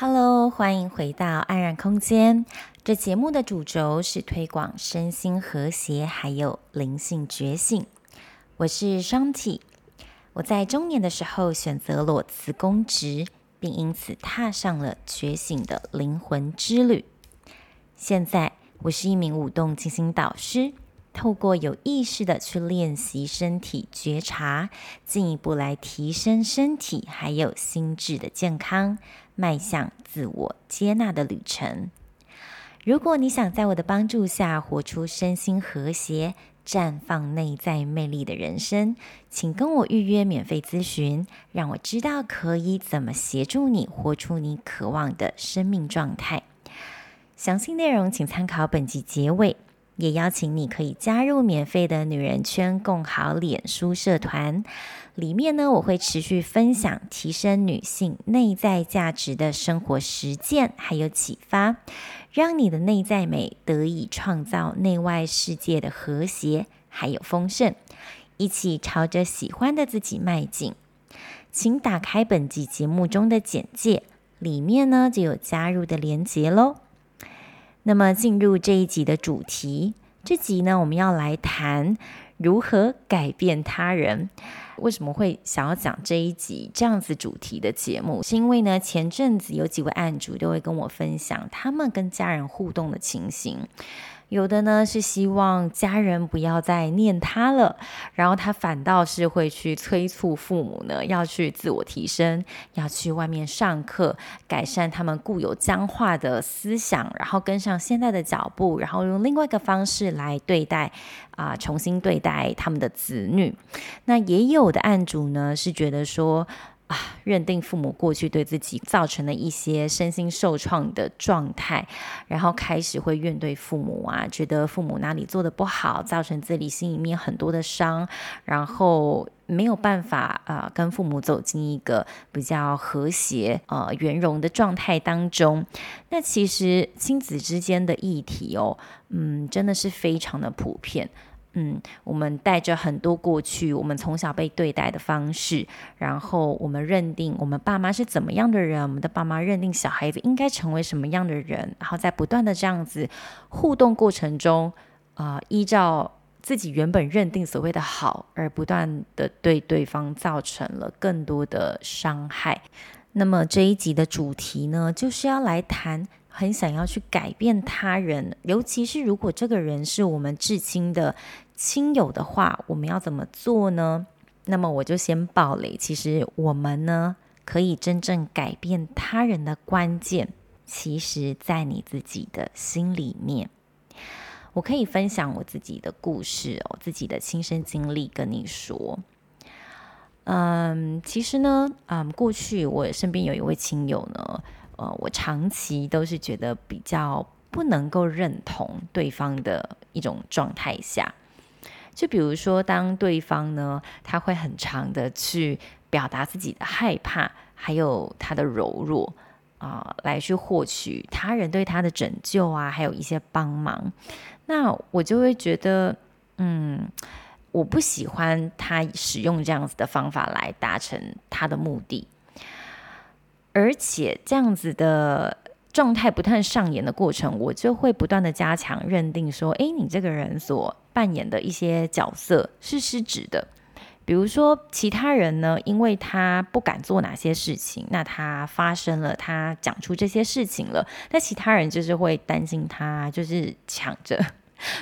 Hello，歡迎回到安然空間。這節目的主軸是推廣身心和諧，還有靈性覺醒。我是 Shanti，我在中年的時候選擇裸辭公職，並因此踏上了覺醒的靈魂之旅。現在，我是一名舞動靜心導師，透過有意識的去練習身體覺察，進一步來提升身體還有心智的健康。邁向自我接納的旅程。如果你想在我的幫助下活出身心和諧、綻放內在魅力的人生，請跟我預約免費諮詢，讓我知道可以怎麼協助你活出你渴望的生命狀態。詳細內容請參考本集結尾。也邀請你可以加入免費的女人圈共好臉書社團，裡面呢我會持續分享提升女性內在價值的生活實踐還有啟發，讓你的內在美得以創造內外世界的和諧還有豐盛，一起朝着喜歡的自己邁進。請打開本集節目中的簡介，裡面呢就有加入的連接嘍。那麼進入這一集的主題，這集呢我們要來談如何改變他人。為什麼會想要講這一集這樣子主題的節目？是因為呢前陣子有幾位案主都會跟我分享他們跟家人互動的情形。有的呢是希望家人不要再念他了，然後他反倒是會去催促父母呢要去自我提升，要去外面上課，改善他們固有僵化的思想，然後跟上現在的腳步，然後用另外一個方式來對待，啊、呃，重新對待他們的子女。那也有的案主呢是覺得說，啊，認定父母過去對自己造成了一些身心受創的狀態，然後開始會怨懟父母啊，覺得父母哪裡做得不好，造成自己心裡面很多的傷，然後沒有辦法啊、呃，跟父母走進一個比較和諧、呃，圓融的狀態當中。那其實親子之間的議題哦，嗯，真的是非常的普遍。嗯，我們帶着很多過去，我們從小被對待的方式，然後我們認定我們爸媽是怎麼樣的人，我們的爸媽認定小孩子應該成為什麼樣的人，然後在不斷的這樣子互動過程中，啊、呃，依照自己原本認定所謂的好，而不斷的對對方造成了更多的傷害。那麼這一集的主題呢，就是要來談。很想要去改變他人，尤其是如果這個人是我們至親的親友的話，我們要怎麼做呢？那麼我就先爆雷。其實我們呢，可以真正改變他人的關鍵，其實在你自己的心裡面。我可以分享我自己的故事，我自己的親身經歷跟你說。嗯，其實呢，嗯，過去我身邊有一位親友呢。呃，我長期都是覺得比較不能夠認同對方的一種狀態下，就比如說，當對方呢，他會很常的去表達自己的害怕，還有他的柔弱啊、呃，來去獲取他人對他的拯救啊，還有一些幫忙，那我就會覺得，嗯，我不喜歡他使用這樣子的方法來達成他的目的。而且這樣子的狀態不斷上演的過程，我就會不斷的加強認定說，哎、欸，你這個人所扮演的一些角色是失職的。比如說，其他人呢，因為他不敢做哪些事情，那他發生了，他講出這些事情了，那其他人就是會擔心他，就是搶着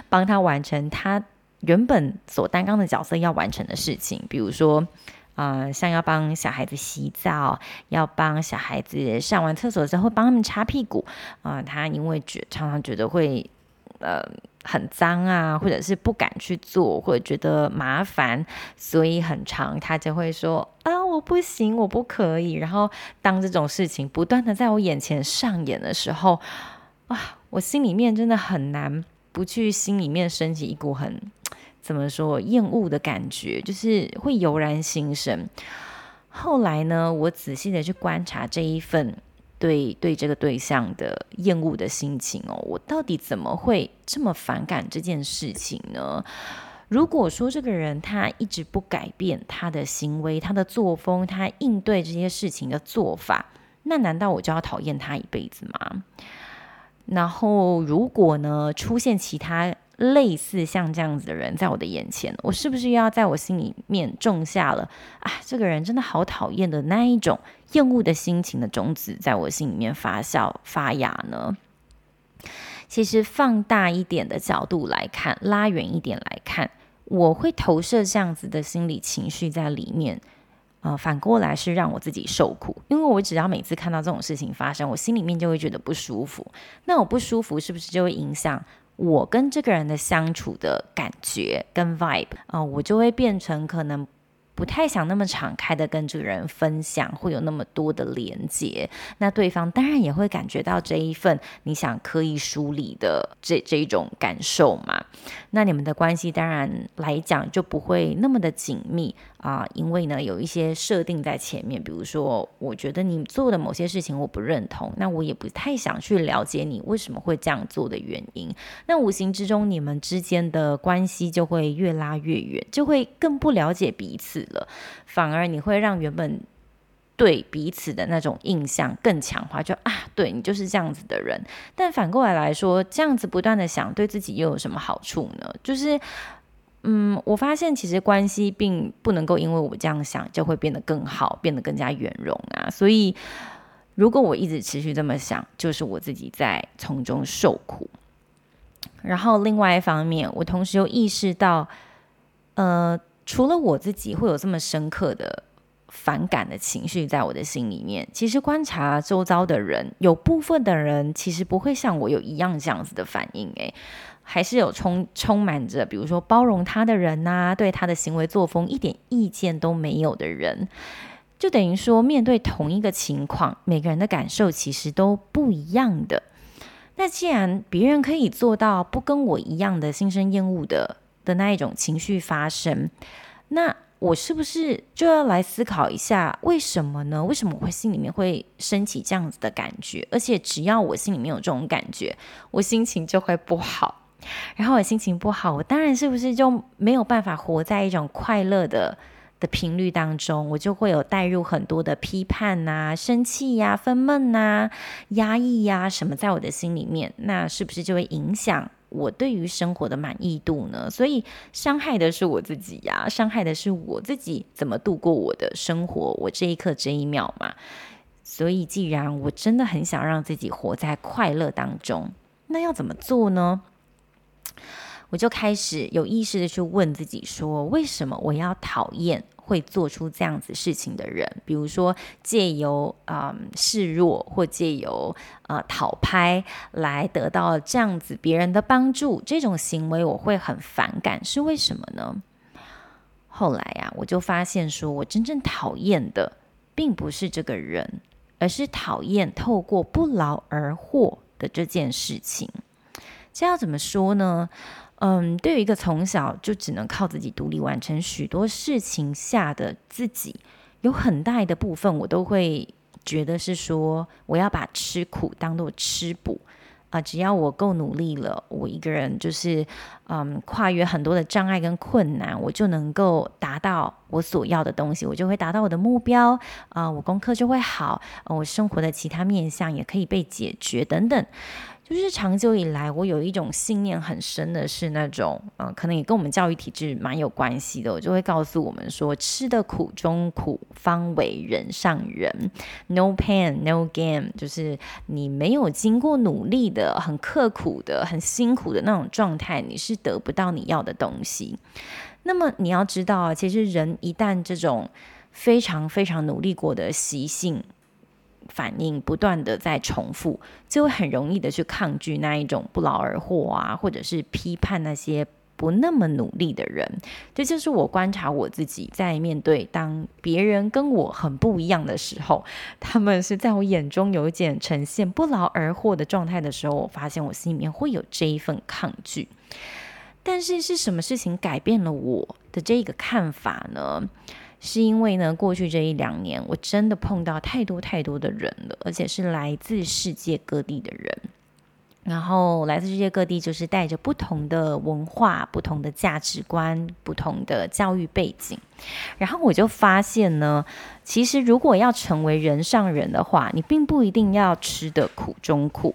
幫他完成他原本所擔當的角色要完成的事情，比如說。啊、呃，像要幫小孩子洗澡，要幫小孩子上完廁所之後幫他們擦屁股。啊、呃，他因為覺常常覺得會呃很髒啊，或者是不敢去做，或者覺得麻煩，所以很常他就會說啊、呃、我不行，我不可以。然後當這種事情不斷的在我眼前上演的時候，啊，我心裡面真的很難不去心裡面升起一股很。怎麼說，厭惡的感覺，就是會油然心生。後來呢，我仔細的去觀察這一份對對這個對象的厭惡的心情哦，我到底怎麼會這麼反感這件事情呢？如果說這個人他一直不改變他的行為、他的作風、他應對這些事情的做法，那難道我就要討厭他一輩子嗎？然後，如果呢出現其他。類似像這樣子的人，在我的眼前，我是不是要在我心裡面種下了啊？這個人真的好討厭的那一種厭惡的心情的種子，在我心裡面發酵發芽呢？其實放大一點的角度來看，拉遠一點來看，我會投射這樣子的心理情緒在裡面啊，呃，反過來是讓我自己受苦，因為我只要每次看到這種事情發生，我心裡面就會覺得不舒服。那我不舒服，是不是就會影響？我跟這個人的相處的感覺跟 vibe 啊、呃，我就會變成可能。不太想那麼敞開的跟這個人分享，會有那麼多的連接，那對方當然也會感覺到這一份你想刻意疏離的這這一種感受嘛？那你們的關係當然來講就不會那麼的緊密啊，呃，因為呢有一些設定在前面，比如說，我覺得你做的某些事情我不認同，那我也不太想去了解你為什麼會這樣做的原因，那無形之中你們之間的關係就會越拉越遠，就會更不了解彼此。了，反而你會讓原本對彼此的那種印象更強化，就啊，對你就是這樣子的人。但反過來來說，這樣子不斷的想，對自己又有什麼好處呢？就是，嗯，我發現其實關係並不能夠因為我這樣想就會變得更好，變得更加圓融啊。所以，如果我一直持續這麼想，就是我自己在從中受苦。然後另外一方面，我同時又意識到，呃。除了我自己會有這麼深刻的反感的情緒在我的心裡面，其實觀察周遭的人，有部分的人其實不會像我有一樣這樣子的反應、欸，誒，還是有充充滿着，比如說包容他的人吶、啊，對他的行為作風一點意見都沒有的人，就等於說面對同一個情況，每個人的感受其實都不一樣的。那既然別人可以做到不跟我一樣的心生厭惡的。的那一種情緒發生，那我是不是就要來思考一下，為什麼呢？為什麼我會心裡面會升起這樣子的感覺？而且只要我心裡面有這種感覺，我心情就會不好。然後我心情不好，我當然是不是就沒有辦法活在一種快樂的的頻率當中？我就會有帶入很多的批判吶、啊、生氣呀、啊、憤懣吶、壓抑呀、啊、什麼，在我的心裡面，那是不是就會影響？我對於生活的滿意度呢？所以傷害的是我自己呀、啊，傷害的是我自己怎麼度過我的生活，我這一刻、這一秒嘛。所以，既然我真的很想讓自己活在快樂當中，那要怎麼做呢？我就開始有意識的去問自己說：為什麼我要討厭？會做出這樣子事情的人，比如說借由啊、嗯、示弱或借由呃討拍來得到這樣子別人的幫助，這種行為我會很反感，是為什麼呢？後來呀、啊，我就發現說我真正討厭的並不是這個人，而是討厭透過不勞而獲的這件事情。這要怎麼說呢？嗯，對於一個從小就只能靠自己獨立完成許多事情下的自己，有很大的部分，我都會覺得是說，我要把吃苦當做吃補啊、呃。只要我夠努力了，我一個人就是嗯，跨越很多的障礙跟困難，我就能夠達到我所要的東西，我就會達到我的目標啊、呃。我功課就會好、呃，我生活的其他面向也可以被解決等等。就是長久以來，我有一種信念很深的，是那種，嗯、啊，可能也跟我們教育體制蠻有關係的。我就會告訴我們說，吃得苦中苦，方為人上人。No pain, no gain。就是你沒有經過努力的、很刻苦的、很辛苦的那種狀態，你是得不到你要的東西。那麼你要知道啊，其實人一旦這種非常非常努力過的習性。反應不斷的在重複，就會很容易的去抗拒那一種不勞而獲啊，或者是批判那些不那麼努力的人。這就，就是我觀察我自己，在面對當別人跟我很不一樣的時候，他們是在我眼中有一點呈現不勞而獲的狀態的時候，我發現我心裡面會有這一份抗拒。但是是什麼事情改變了我的這個看法呢？是因為呢，過去這一兩年，我真的碰到太多太多的人了，而且是來自世界各地的人，然後來自世界各地就是帶着不同的文化、不同的價值觀、不同的教育背景，然後我就發現呢，其實如果要成為人上人的話，你並不一定要吃得苦中苦，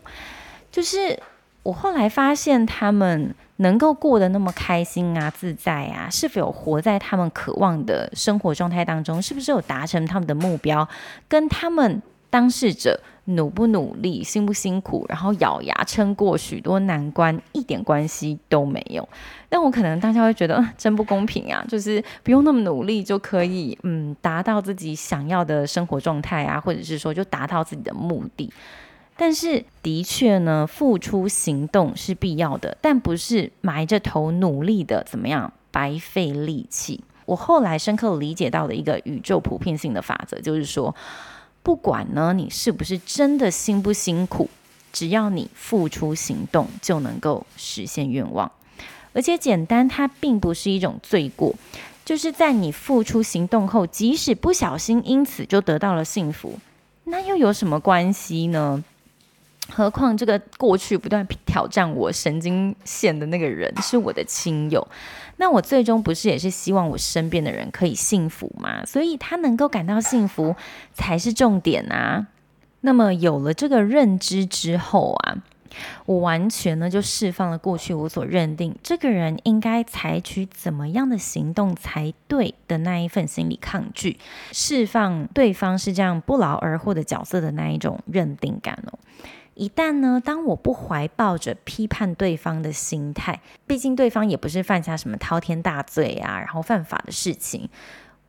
就是我後來發現他們。能夠過得那麼開心啊、自在啊，是否有活在他們渴望的生活狀態當中？是不是有達成他們的目標？跟他們當事者努不努力、辛不辛苦，然後咬牙撐過許多難關，一點關係都沒有。但我可能大家會覺得真不公平啊，就是不用那麼努力就可以，嗯，達到自己想要的生活狀態啊，或者是說就達到自己的目的。但是的確呢，付出行動是必要的，但不是埋着頭努力的，怎麼樣？白費力氣。我後來深刻理解到的一個宇宙普遍性的法則，就是說，不管呢你是不是真的辛不辛苦，只要你付出行動，就能夠實現願望。而且簡單，它並不是一種罪過，就是在你付出行動後，即使不小心因此就得到了幸福，那又有什麼關係呢？何況這個過去不斷挑戰我神經線的那個人是我的親友，那我最終不是也是希望我身邊的人可以幸福嗎？所以他能夠感到幸福才是重點啊。那麼有了這個認知之後啊，我完全呢就釋放了過去我所認定這個人應該採取怎麼樣的行動才對的那一份心理抗拒，釋放對方是這樣不勞而獲的角色的那一種認定感哦。一旦呢，當我不懷抱着批判對方的心態，畢竟對方也不是犯下什麼滔天大罪啊，然後犯法的事情，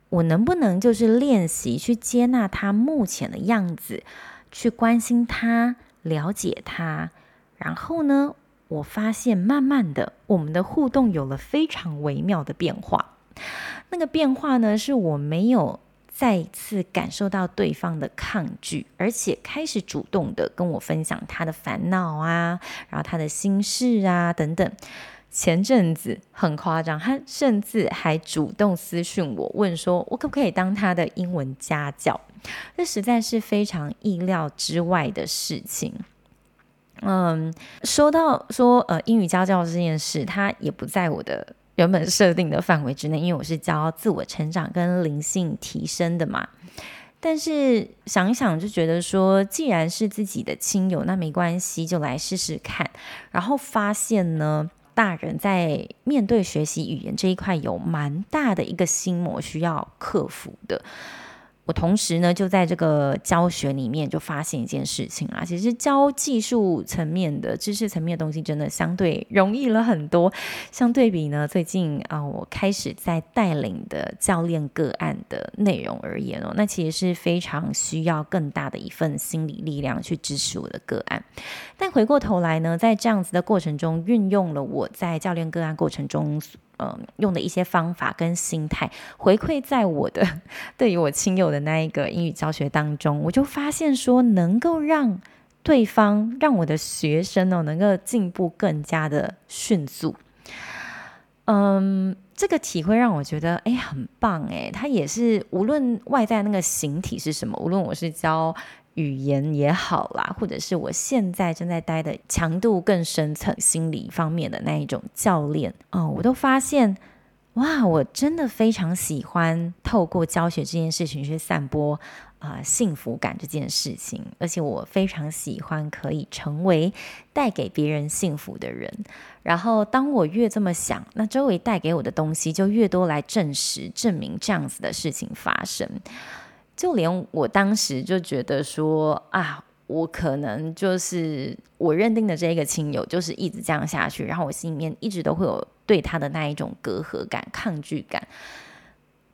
我能不能就是練習去接納他目前的樣子，去關心他、了解他。然後呢，我發現慢慢的，我們的互動有了非常微妙的變化。那個變化呢，是我沒有再一次感受到對方的抗拒，而且開始主動的跟我分享他的煩惱啊，然後他的心事啊等等。前陣子很誇張，他甚至還主動私訊我，問說我可不可以當他的英文家教？這實在是非常意料之外的事情。嗯，說到說呃英語家教這件事，他也不在我的。原本設定的範圍之內，因為我是教自我成長跟靈性提升的嘛。但是想一想就覺得說，既然是自己的親友，那沒關係，就來試試看。然後發現呢，大人在面對學習語言這一塊有蠻大的一個心魔需要克服的。我同時呢，就在這個教學裡面就發現一件事情啦、啊，其實教技術層面的知識層面的東西，真的相對容易了很多。相對比呢，最近啊、呃，我開始在帶領的教練個案的內容而言哦，那其實是非常需要更大的一份心理力量去支持我的個案。但回過頭來呢，在這樣子的過程中，運用了我在教練個案過程中。嗯，用的一些方法跟心態回饋在我的對於我親友的那一個英語教學當中，我就發現說能夠讓對方、讓我的學生哦能夠進步更加的迅速。嗯，這個體會讓我覺得誒，很棒誒。他也是無論外在那個形體是什麼，無論我是教。語言也好啦，或者是我現在正在帶的強度更深層心理方面的那一種教練，哦，我都發現，哇，我真的非常喜歡透過教學這件事情去散播啊、呃、幸福感這件事情，而且我非常喜歡可以成為帶給別人幸福的人。然後，當我越這麼想，那周圍帶給我的東西就越多來證實、證明這樣子的事情發生。就連我當時就覺得說啊，我可能就是我認定的這一個親友，就是一直這樣下去，然後我心裡面一直都會有對他的那一種隔閡感、抗拒感。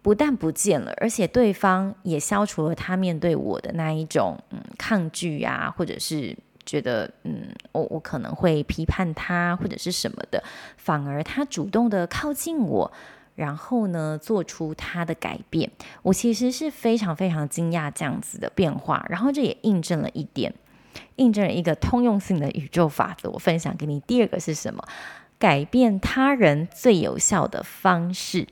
不但不見了，而且對方也消除了他面對我的那一種、嗯、抗拒呀、啊，或者是覺得嗯，我我可能會批判他或者是什麼的，反而他主動的靠近我。然後呢，做出他的改變，我其實是非常非常驚訝這樣子的變化。然後這也印證了一點，印證了一個通用性的宇宙法則。我分享給你。第二個是什麼？改變他人最有效的方式，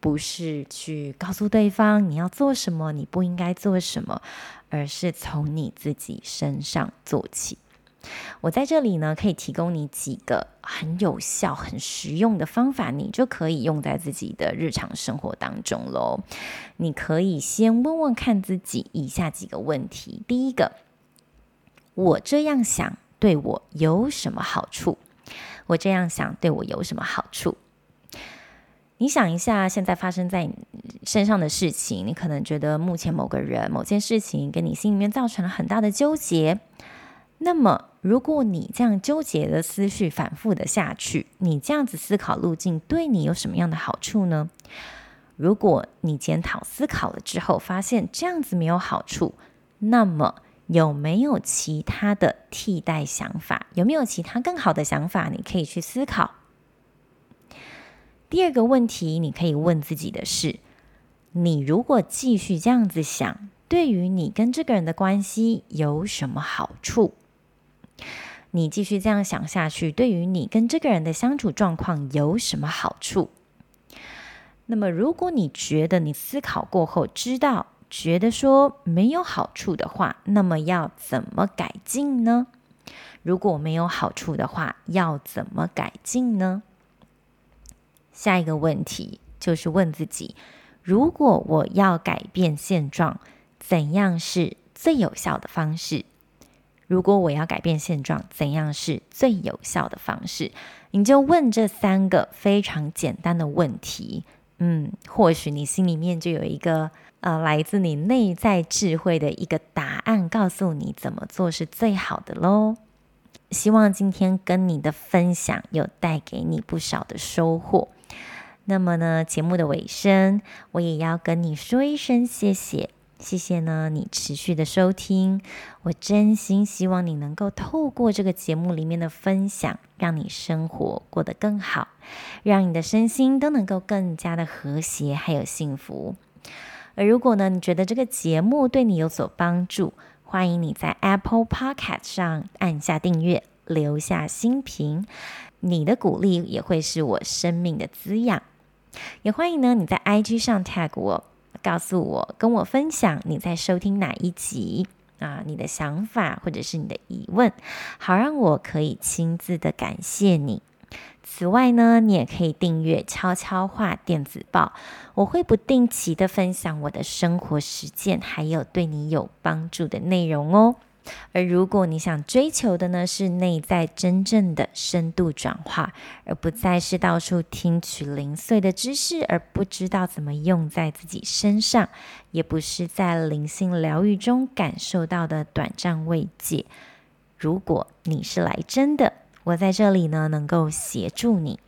不是去告訴對方你要做什麼，你不應該做什麼，而是從你自己身上做起。我在這裡呢，可以提供你幾個很有效、很實用的方法，你就可以用在自己的日常生活當中嘍。你可以先問問看自己以下幾個問題：第一個，我這樣想對我有什麼好處？我這樣想對我有什麼好處？你想一下，現在發生在你身上的事情，你可能覺得目前某個人、某件事情給你心裡面造成了很大的糾結，那麼。如果你這樣糾結的思緒反覆的下去，你這樣子思考路徑對你有什麼樣的好處呢？如果你檢討思考了之後發現這樣子沒有好處，那麼有沒有其他的替代想法？有沒有其他更好的想法？你可以去思考。第二個問題，你可以問自己的是：你如果繼續這樣子想，對於你跟這個人的關係有什麼好處？你繼續這樣想下去，對於你跟這個人的相處狀況有什麼好處？那麼，如果你覺得你思考過後知道，覺得說沒有好處的話，那麼要怎麼改進呢？如果沒有好處的話，要怎麼改進呢？下一個問題就是問自己：如果我要改變現狀，怎樣是最有效的方式？如果我要改變現狀，怎樣是最有效的方式？你就問這三個非常簡單的問題，嗯，或許你心裡面就有一個呃，來自你內在智慧的一個答案，告訴你怎麼做是最好的咯。希望今天跟你的分享有帶給你不少的收穫。那麼呢，節目的尾聲，我也要跟你說一聲謝謝。謝謝呢，你持續的收聽，我真心希望你能夠透過這個節目裡面的分享，讓你生活過得更好，讓你的身心都能夠更加的和諧還有幸福。而如果呢，你覺得這個節目對你有所幫助，歡迎你在 Apple Podcast 上按下訂閱，留下新評，你的鼓勵也會是我生命的滋養。也歡迎呢你在 IG 上 tag 我。告訴我，跟我分享你在收聽哪一集啊，你的想法或者是你的疑問，好讓我可以親自的感謝你。此外呢，你也可以訂閱悄悄話電子報，我會不定期的分享我的生活實踐，還有對你有幫助的內容哦。而如果你想追求的呢，是內在真正的深度轉化，而不再是到處聽取零碎的知識，而不知道怎麼用在自己身上，也不是在靈性療癒中感受到的短暫慰藉。如果你是來真的，我在這裡呢，能夠協助你。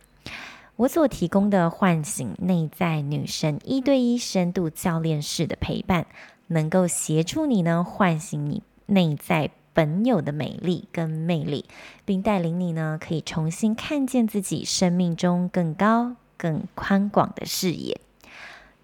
我所提供的喚醒內在女神一對一深度教練式的陪伴，能夠協助你呢，喚醒你。內在本有的美麗跟魅力，並帶領你呢，可以重新看見自己生命中更高、更寬廣的視野。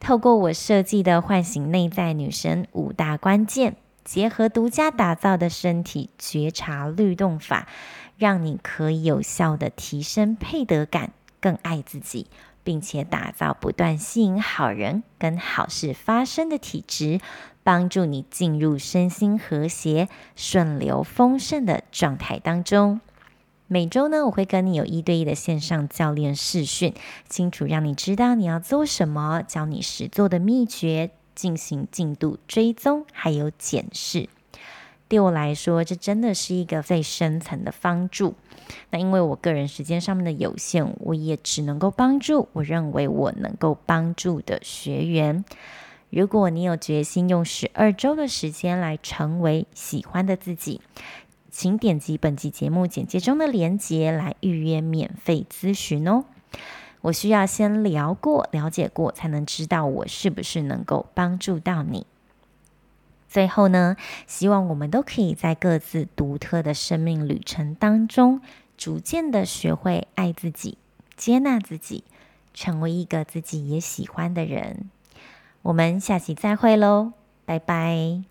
透過我設計的喚醒內在女神五大關鍵，結合獨家打造的身體覺察律動法，讓你可以有效的提升配得感，更愛自己，並且打造不斷吸引好人跟好事發生的體質。幫助你進入身心和諧、順流豐盛的狀態當中。每周呢，我會跟你有一對一的線上教練視訊，清楚讓你知道你要做什麼，教你實做的秘訣，進行進度追蹤還有檢視。對我來說，這真的是一個最深層的幫助。那因為我個人時間上面的有限，我也只能夠幫助我認為我能夠幫助的學員。如果你有決心用十二週的時間來成為喜歡的自己，請點擊本集節目簡介中的鏈接來預約免費諮詢哦。我需要先聊過、了解過，才能知道我是不是能夠幫助到你。最後呢，希望我們都可以在各自獨特的生命旅程當中，逐漸地學會愛自己、接納自己，成為一個自己也喜歡的人。我們下期再會嘍，拜拜。